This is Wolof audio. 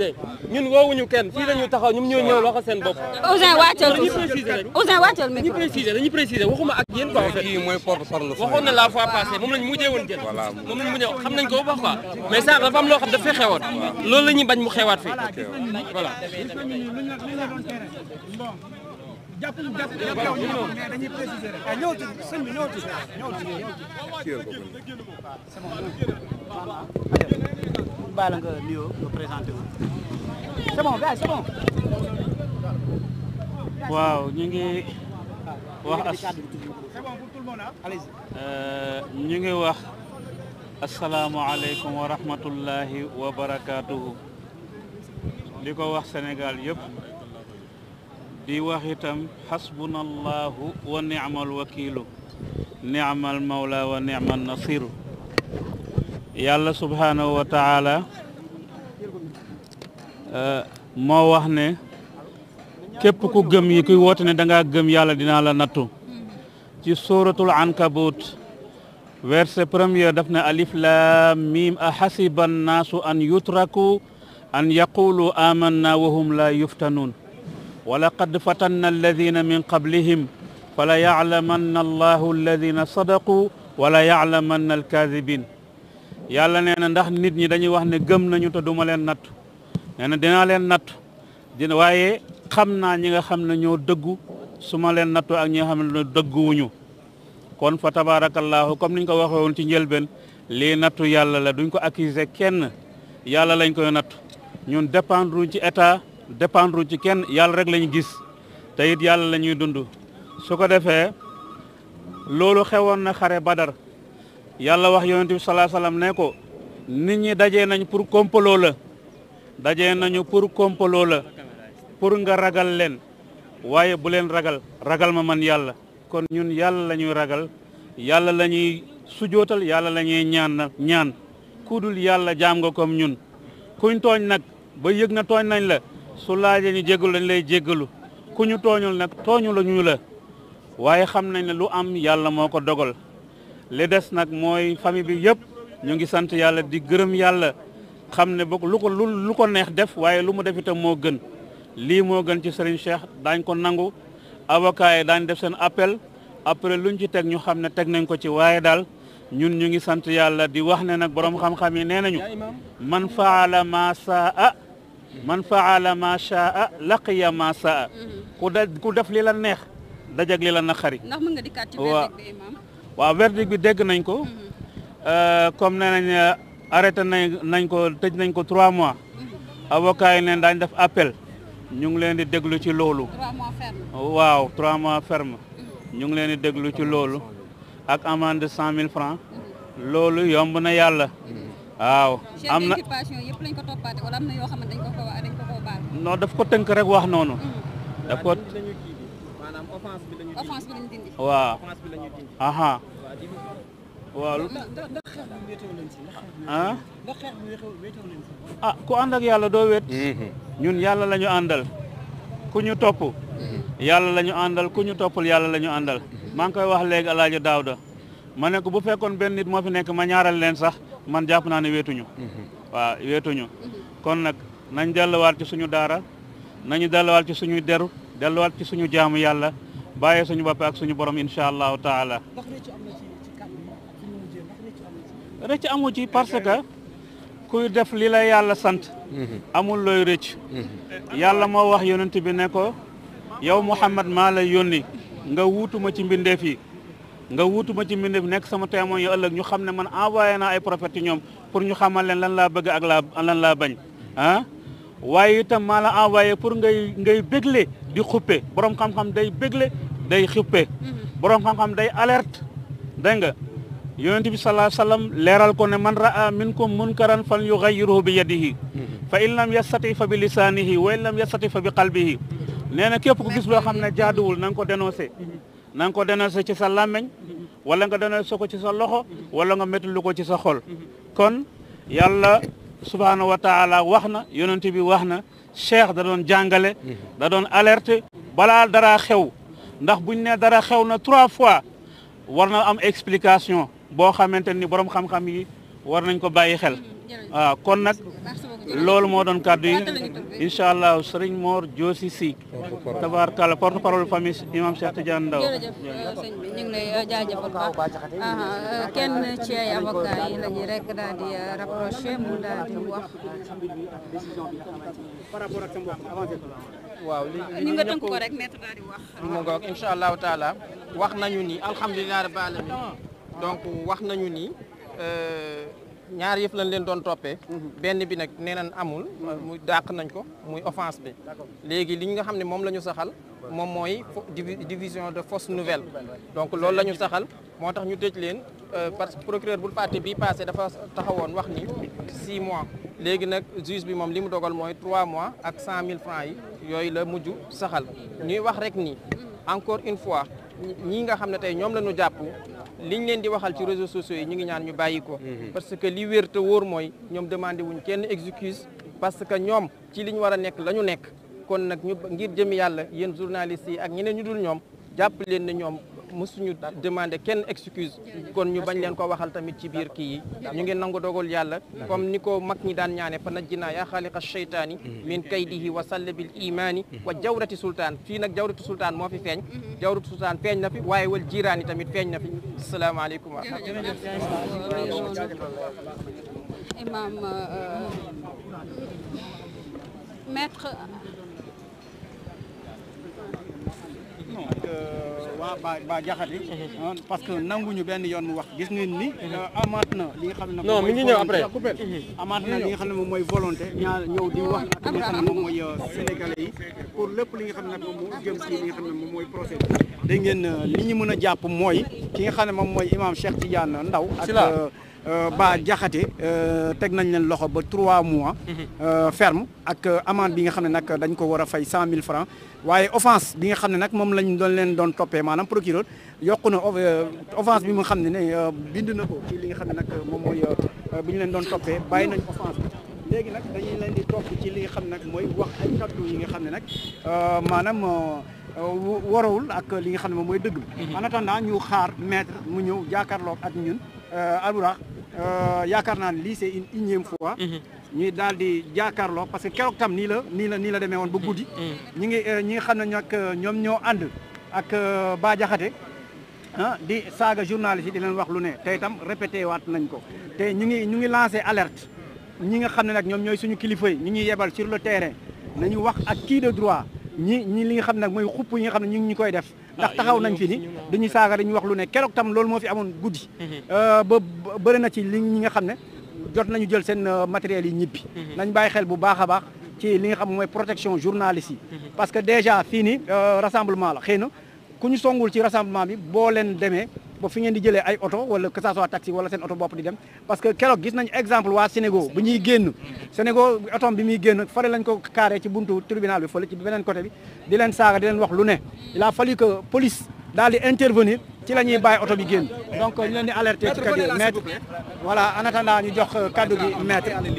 préciser ñun woowuñu kenn fii lañu taxaw ñoom ñoo ñëw waxal seen bopp. Ousin wàccal tuuti Ousin wàccal mi. dañuy préciser dañuy préciser waxuma ak yéen quoi en fait. waxoon na la fois passée moom lañ moom lañ mujjee xam nañ ko bu baax quoi. mais ça dafa am la ñuy ñu noonu mais dañuy bàyyi la waaw ñu ngi wax as euh, ñu ngi wax asalaamualeykum wa rahmatullahi wa di ko wax Sénégal yëpp di wax itam xasbunallahu wa ni'mal wakiilu ni'mal mawla wa ni'mal yàlla subhaanahu wa taala eh, moo wax ne képp ku gëm yi kuy woote ne gëm yàlla dinaa la nattu ci suuratul ankabut verset premier daf ne alif a xasiba annaasu an yutraku an yaqulu amanna wa hum laa yuftanuun wa laqad fatanna alladina min qablihim fala yaclamanna allahu alladina sadaqu wala yaclamanna alkaadibin yàlla nee na ndax nit ñi dañuy wax ne gëm nañu te duma leen nattu nee na dinaa leen nattu dina waaye xam naa ñi nga xam ne ñoo dëggu su ma leen nattu ak ñi nga xam ne dëgguwuñu kon fa tabaarakallaahu comme niñ ko waxee woon ci njëlbeen lii nattu yàlla la duñ ko accuser kenn yàlla lañ koy nattu ñun dépendre ci état dépendre ci kenn yàlla rek lañu gis te it yàlla la ñuy dund su ko defee loolu xewoon na xare badar yàlla wax yonent bi salaa salaam ne ko nit ñi dajee nañ pour kompaloo la dajee nañu pour kompaloo la pour nga ragal leen waaye bu leen ragal ragal ma man yàlla kon ñun yàlla la ñuy ragal yàlla lañuy ñuy sujootal yàlla la ñaan ñaan kudul yàlla jaam nga comme ñun kuñ tooñ nag ba yëg na tooñ nañ la su laajee ñu jéggalu dañ lay jéggalu ku ñu tooñul nag tooñu la la waaye xam nañ ne lu am yàlla moo ko dogal li des nag mooy famille bi yëpp ñu ngi sant yàlla di gërëm yàlla xam ne boog lu ko lu ko neex def waaye lu mu def itam moo gën lii moo gën ci Serigne Cheikh daañ ko nangu avocat yi daañ def seen appel après lu luñ ci teg ñu xam ne teg nañ ko ci waaye daal ñun ñu ngi sant yàlla di wax nee nag borom xam-xam yi nee nañu man faala ma saa man faala ma shaa laqiya ma saa mhm. ku def li la neex dajag li la naqari waaw verdict bi dégg nañ ko mm-hmm. euh, comme nee nañ euh, arrêté nañ ko tëj nañ ko trois mois mm-hmm. avocat yi neen daañ def appel ñu ngi leen di déglu ci loolu waaw trois mois ferme mm-hmm. ñu ngi leen di déglu ci loolu ak amende cent mille francs loolu yomb na yàlla waaw am def ko tënk rek wax noonu daf ko maanaam aha waaw ah? ah ku ànd yàlla doo wéet mhm. ñun yàlla lañu ñu àndal ku ñu topp mhm. yàlla lañu ñu àndal ku ñu toppul yàlla lañu ñu àndal mhm. maa ngi koy wax léegi alaaji daawda ma nekk bu fekkoon benn nit moo fi nekk ma ñaaral leen sax man jàpp naa ne wéetuñu waaw kon nag nañ delluwaat ci suñu daara nañu delluwaat ci suñuy deru delluwaat ci suñu jaamu yàlla bàyyee suñu bopp ak suñu borom incha allahu taala. rëcc amu ci parce que kuy def li la yàlla sant. Mhm. amul looy rëcc. Mhm. yàlla moo wax yonent bi ne ko yow Muhammad maa lay yónni nga wuutuma ci mbindeef yi nga wuutuma ci mbindeef nekk sama témoin yu ëllëg ñu xam ne man envoyé naa ay prophètes ñoom pour ñu xamal leen lan laa bëgg ak laa lan laa bañ ah? waaye itam maa la envoyé pour ngay ngay bégle di xuppe borom xam-xam day bégle day xuppe mm-hmm. borom xam-xam day alerte dégg nga yonent bi sallallahu alayhi wasallam leeral ko ne man a mun ra'a minkum munkaran fal yughayyiruhu bi yadihi mm-hmm. fa in lam yastati fa bi lisanihi wa in lam yastati fa bi qalbihi nee na képp ku gis loo xam ne mm-hmm. jaaduwul nan ko dénoncé nan nga ko dénoncé ci sa làmmeñ wala nga soo ko ci sa loxo wala nga métti ko ci sa xol kon yàlla subhaanahu wa taala wax na yonent bi wax na cheikh da doon jàngale da doon alerte balaa dara xew ndax buñ ne dara xew na trois fois war na am explication boo xamante ni borom xam-xam yi war nañ ko bàyyi xel mm, kon nag loolu moo doon kàddu yi incha allah sëriñ Mor Diosi Si. tabaarkalla porte parole famille imam Cheikh Tidiane Ndao. jërëjëf sëñ bi ñu ah, kenn ci ay avocat rek daal di euh, rapproché mu wax. waaw li ko rek maître daal wax. mu nga goog incha allahu wax nañu ni alhamdulilah rabbil alamin donc wax nañu ni. Euh, ñaar yëf lañ leen doon toppee mhm. benn bi nag nee nañ amul mhm. muy dàq nañ ko muy offense bi léegi li nga xam ne moom la ñu saxal moom mooy division de fausse nouvelle donc loolu la ñu saxal moo tax ñu tëj leen euh, parce que procureur bu parti bi passé dafa taxawoon wax ni 6 mois léegi nag juge bi moom li mu dogal mooy trois mois ak 100 mille francs yi yooyu la mujj saxal ñuy wax rek nii encore une fois ñii nga xam ne tey ñoom la ñu jàpp liñ leen di waxal ci réseaux sociaux yi ñu ngi ñaan ñu bàyyi ko mhm. parce que li wér te wóor mooy ñoom demandé wuñ kenn excuse parce que ñoom ci li ñu war a nekk lañu nekk kon nag ñu ngir jëm yàlla yéen journalistes yi ak ñeneen ñu dul ñoom jàpp leen na ñoom mësuñu demande kenn excuse kon ñu bañ leen ko waxal tamit ci biir kii yi ñu ngi nangu dogal yàlla comme ni ko mag ñi daan ñaane fa najjinaa yaa xaaliqa sheytaani min kaydihi wa salle imaani wa jawrati sultaan fii nag jawrati sultaan moo fi feeñ jawrati sultaan feeñ na fi waaye wal jiiraani tamit feeñ na fi asalaamaaleykum wa imam euh, waa ba ba mhm. parce que nangu ñu benn yoon mu wax gis ngeen ni mhm. euh, amaat na li nga xam ne non mi ngi ñëw après mhm. amaat na xam ne moom mooy volonté ñaar ñëw di wax li nga xam ne moom mooy euh, sénégalais yi pour lépp li nga xam ne moom moo jëm si li nga xam ne moom mooy procès dégg ngeen euh, li ñu mën a jàpp mooy ki nga xam ne moom mooy imaam Cheikh Tidiane Ndaw ak euh, euh, Ba Jaxate teg nañ leen loxo ba trois mois mhm. ferme ak amende bi nga xam ne nag dañ ko war a fay cent mille francs waaye offense bi nga xam ne nag moom lañ doon leen doon toppee maanaam procureur yokku na offense bi mu xam ne ne bind na ko li nga xam ne nag moom mooy bi ñu leen doon toppee bàyyi nañ offense léegi nag dañuy leen di topp ci li nga xam ne nag mooy wax ay kaddu yi nga xam ne nag maanaam warawul ak li nga xam ne moom mooy dëgg bi mhm. en attendant ñu xaar maître mu ñëw jàkkaarloog ak ñun euh, Albourakh euh, yaakaar naa ne lii c'est une énième fois mhm. ñuy daal di jàkkaarloo parce que keroog tam nii la nii la nii la demee woon ba mhm. guddi ñi ngi euh, ñi xam ne nag ñoom ñoo ànd ak Bah Diakhaté ah, di saaga journaliste di leen wax lu ne tey itam répété waat nañ ko te ñu ngi ñu ngi lancé alerte ñi nga xam ne nag ñoom ñooy suñu kilifa yi ñu ñuy yebal sur le terrain nañu wax ak qui de droit ñi ñi li nga xam ne nag mooy xupp yi nga xam ne ñu ngi ñu koy def ah, ndax taxaw nañ fi ni dañuy saaga dañuy wax lu ne keroog tam loolu moo fi amoon guddi mm-hmm. euh, ba bëri na ci li ñi nga xam ne jot nañu jël seen euh, matériel yi ñibbi mm-hmm. nañ bàyyi xel bu baax a baax ci li nga xam mooy protection journaliste yi mm-hmm. parce que déjà fii ni euh, rassemblement la xëy na ku ñu songul ci rassemblement bi boo leen demee ba fi ngeen di jëlee ay oto wala que ça soit taxi wala seen oto bopp di dem parce que keroog gis nañ exemple waa Sénégal bu ñuy génn Sénégal otom bi muy génn fare lañ ko carré ci buntu tribunal bi fële ci beneen côté bi di leen saaga di leen wax lu ne il a fallu que police daal di intervenir ci la ñuy bàyyi oto bi génn donc ñu leen di alerter ci kàddu maître voilà en attendant ñu jox euh, kàddu gi maître.